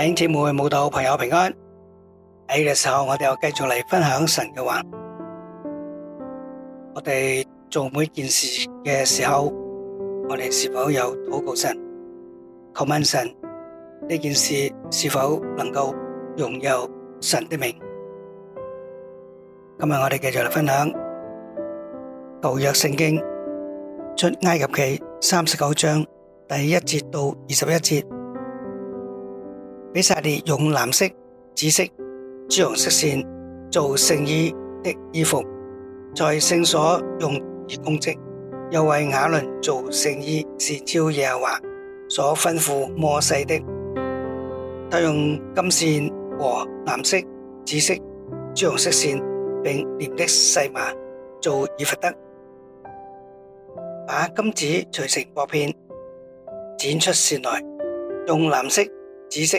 弟兄姊妹、慕道朋友平安。喺呢個時候，我哋又繼續嚟分享神嘅話。我哋做每件事嘅時候，我哋是否有禱告神、求問神？呢件事是否能夠擁有神的名？今日我哋繼續嚟分享舊約聖經出埃及記三十九章第一節到二十一節。比撒列用藍色、紫色、朱紅色線做聖衣的衣服，在聖所用以供職，又為亞倫做聖衣，是照耶和華所吩咐摩西的。他用金線和藍色、紫色、朱紅色線並捻的細麻做以弗得，把金子錘成薄片，剪出線來，用藍色、紫色。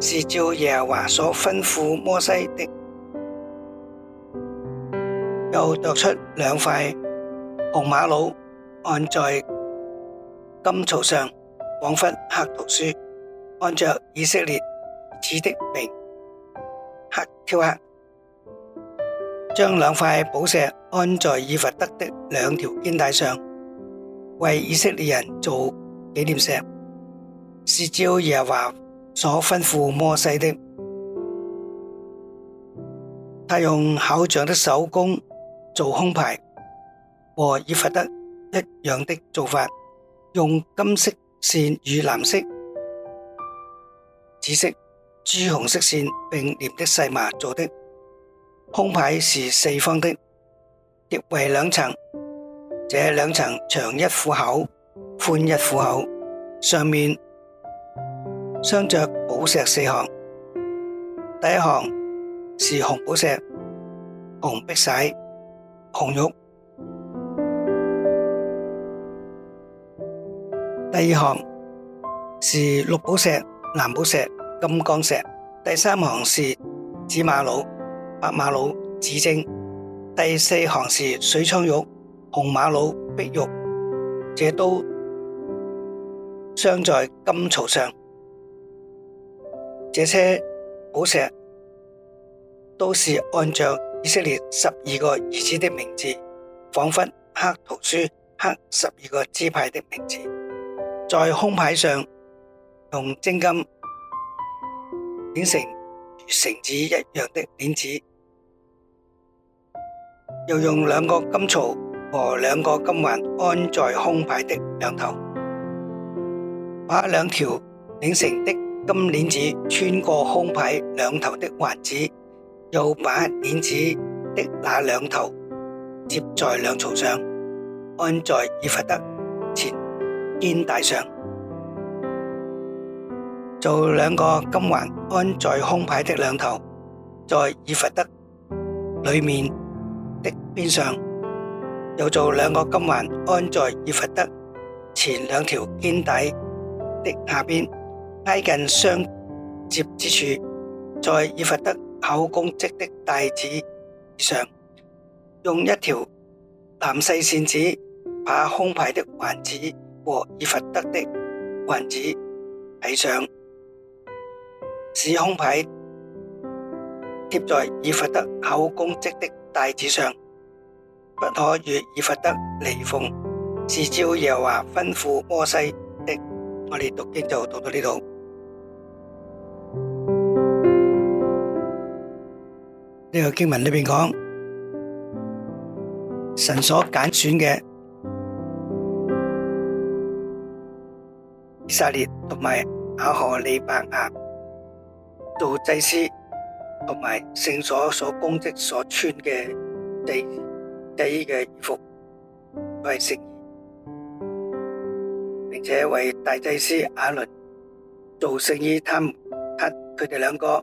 是照耶和華所吩咐摩西的，又鑿出兩塊紅瑪瑙，按在金槽上，仿佛刻圖書，按着以色列兒子的名刻雕刻，將兩塊寶石安在以弗得的兩條肩帶上，為以色列人做紀念石，是照耶和華。所吩咐摩西的，他用巧匠的手工做胸牌，和以弗得一樣的做法，用金色線與藍色、紫色、朱紅色線並捻的細麻做的。胸牌是四方的，疊為兩層，這兩層長一虎口，寬一虎口，上面。鑲着寶石四行，第一行是紅寶石、紅碧璽、紅玉；第二行是綠寶石、藍寶石、金剛石；第三行是紫瑪瑙、白瑪瑙、紫晶；第四行是水蒼玉、紅瑪瑙、碧玉。這都鑲在金槽上。這些寶石都是按照以色列十二個兒子的名字，仿佛刻圖書，刻十二個支派的名字。在胸牌上用精金擰成如繩子一樣的鏈子，又用兩個金槽和兩個金環安在胸牌的兩頭，把兩條擰成的。金鏈子穿過胸牌兩頭的環子，又把鏈子的那兩頭接在兩槽上，安在以弗得前肩帶上，做兩個金環安在胸牌的兩頭，在以弗得裏面的邊上，又做兩個金環安在以弗得前兩條肩帶的下邊。挨近相接之處，在以弗得巧工織的帶子上，用一條藍細線子把胸牌的環子和以弗得的環子繫上，使胸牌貼在以弗得巧工織的帶子上，不可與以弗得離縫。是照耶和華吩咐摩西的。我哋讀經就讀到呢度。呢個經文裏面講，神所揀選嘅以色列同埋亞何利伯亞做祭司，同埋聖所所供職所穿嘅祭祭衣嘅衣服都係聖衣，並且為大祭司亞倫做聖衣，他們他佢哋兩個。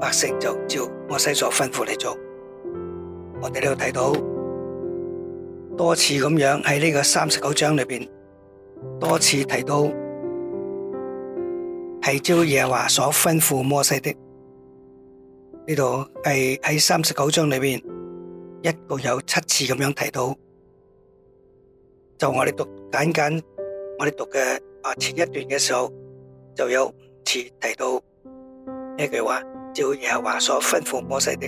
百姓就照摩西所吩咐嚟做。我哋都睇到多次咁樣喺呢個三十九章裏邊，多次提到係照耶和華所吩咐摩西的。呢度係喺三十九章裏邊，一共有七次咁樣提到。就我哋讀簡簡，我哋讀嘅，啊前一段嘅時候，就有五次提到呢句話。照耶和華所吩咐摩西的，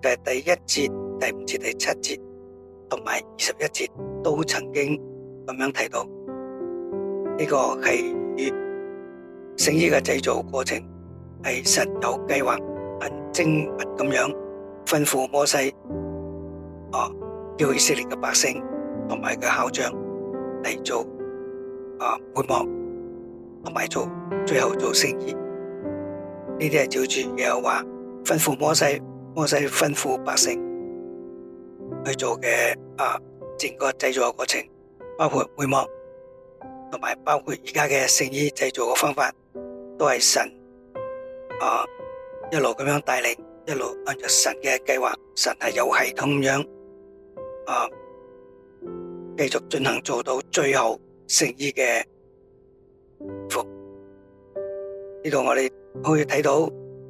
第第一節、第五節、第七節同埋二十一節，都曾經咁樣提到呢個係聖衣嘅製造過程係神有計劃、很精密咁樣吩咐摩西，哦，叫以色列嘅百姓同埋佢嘅酋長嚟做啊會幕，同埋做最後做聖衣。呢啲係照住嘢話吩咐摩西，摩西吩咐百姓去做嘅啊，整個製作過程，包括會幕，同埋包括而家嘅聖衣製造嘅方法，都係神啊一路咁樣帶領，一路按照神嘅計劃，神係有系統咁樣啊繼續進行做到最後聖衣嘅服。呢度我哋。可以睇到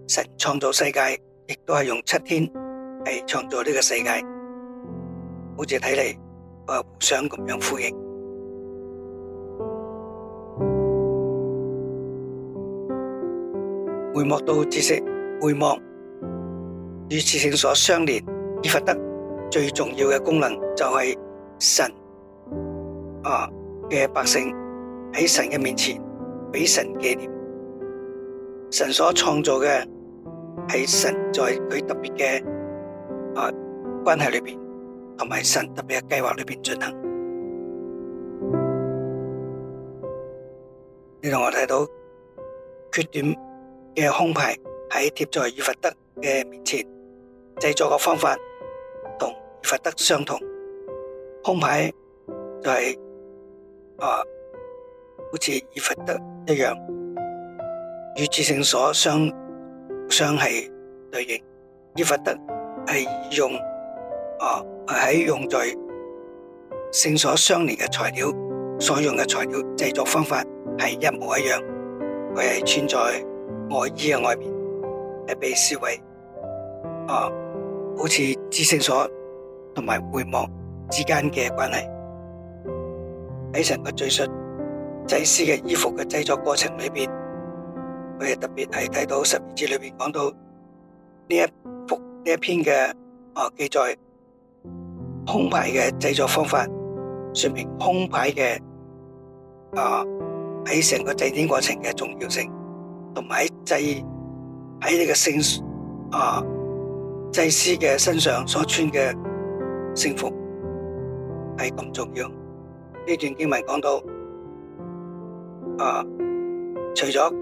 神創造世界，亦都係用七天嚟創造呢個世界。好似睇嚟都係想咁樣呼應。回望到知識，回望與至聖所相連，以弗得最重要嘅功能就係神啊嘅百姓喺神嘅面前俾神紀念。神所創造嘅喺神在佢特別嘅啊關係裏面，同埋神特別嘅計劃裏面進行。你同我睇到缺點嘅胸牌喺貼在爾弗德嘅面前製作嘅方法同爾弗德相同，胸牌就係啊，好似爾弗德一樣。與至聖所相相係對應，以弗得係用，啊喺用在聖所相連嘅材料，所用嘅材料製作方法係一模一樣，佢係穿在外衣嘅外面，係被視為啊，好似至聖所同埋帷幕之間嘅關係，喺成個敘述祭司嘅衣服嘅製作過程裏邊。我哋特別係睇到十二節裏邊講到呢一幅呢一篇嘅啊記載胸牌嘅製作方法，說明胸牌嘅啊喺成個祭典過程嘅重要性，同埋喺祭喺呢個聖啊祭司嘅身上所穿嘅聖服係咁重要。呢段經文講到啊，除咗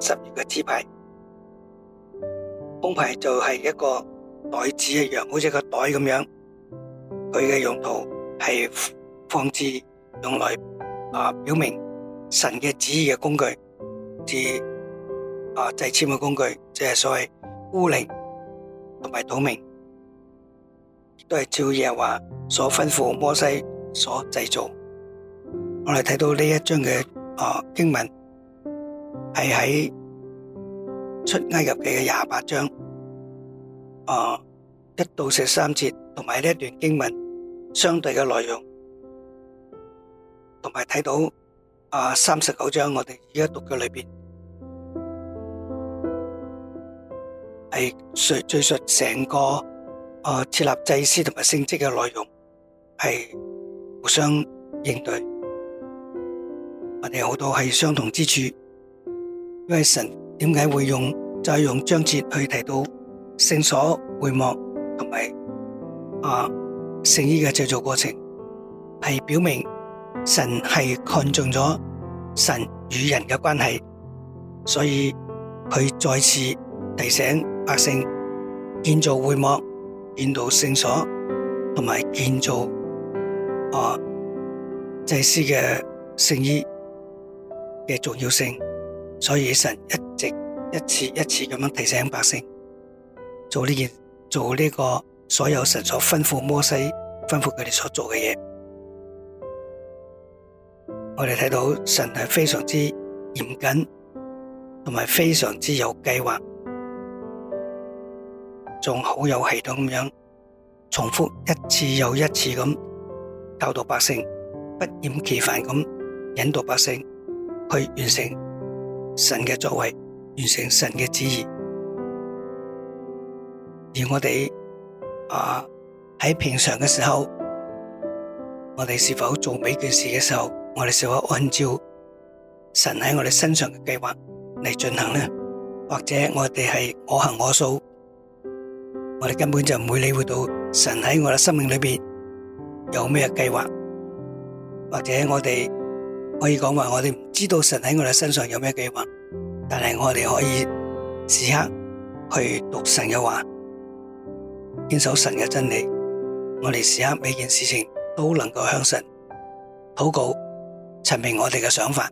十月嘅支牌，空牌就係一個袋子一樣，好似個袋咁樣。佢嘅用途係放置，用來啊、呃、表明神嘅旨意嘅工具，至啊祭簽嘅工具，即係所謂烏陵同埋土明，都係照耶和華所吩咐摩西所製造。我哋睇到呢一章嘅啊、呃、經文。係喺出埃及記嘅廿八章，誒、啊、一到十三節，同埋呢段經文相對嘅內容，同埋睇到誒三十九章，我哋而家讀嘅裏面係敘敘述成個誒設、啊、立祭司同埋聖職嘅內容，係互相應對，我哋好多係相同之處。因為神點解會用再用章節去提到聖所會幕同埋啊聖衣嘅製造過程，係表明神係看重咗神與人嘅關係，所以佢再次提醒百姓建造會幕、建造聖所，同埋建造啊祭司嘅聖衣嘅重要性。所以神一直，一直一次一次咁樣提醒百姓做呢件，做呢個所有神所吩咐摩西吩咐佢哋所做嘅嘢。我哋睇到神係非常之嚴謹，同埋非常之有計劃，仲好有系統咁樣重複一次又一次咁教導百姓，不厭其煩咁引導百姓去完成。神嘅作為，完成神嘅旨意。而我哋啊喺平常嘅時候，我哋是否做每件事嘅時候，我哋是否按照神喺我哋身上嘅計劃嚟進行呢？或者我哋係我行我素，我哋根本就唔會理會到神喺我哋生命裏邊有咩計劃，或者我哋。可以講話，我哋唔知道神喺我哋身上有咩計劃，但係我哋可以時刻去讀神嘅話，堅守神嘅真理。我哋時刻每件事情都能夠向神禱告，陳明我哋嘅想法，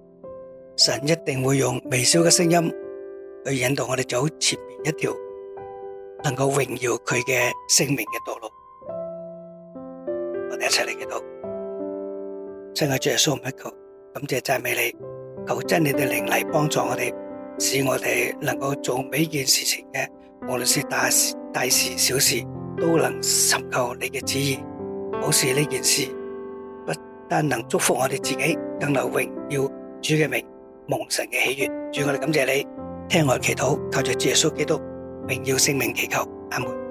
神一定會用微小嘅聲音去引導我哋走前面一條能夠榮耀佢嘅聖名嘅道路。我哋一齊嚟嘅到，親愛嘅主耶穌。感謝讚美你，求真你哋靈嚟，幫助我哋，使我哋能夠做每件事情嘅，無論是大事大事小事，都能尋求你嘅旨意。保持呢件事，不單能祝福我哋自己，更留榮耀主嘅名，蒙神嘅喜悦。主，我哋感謝你，聽我祈禱，靠着主耶穌基督，榮耀聖名祈求阿門。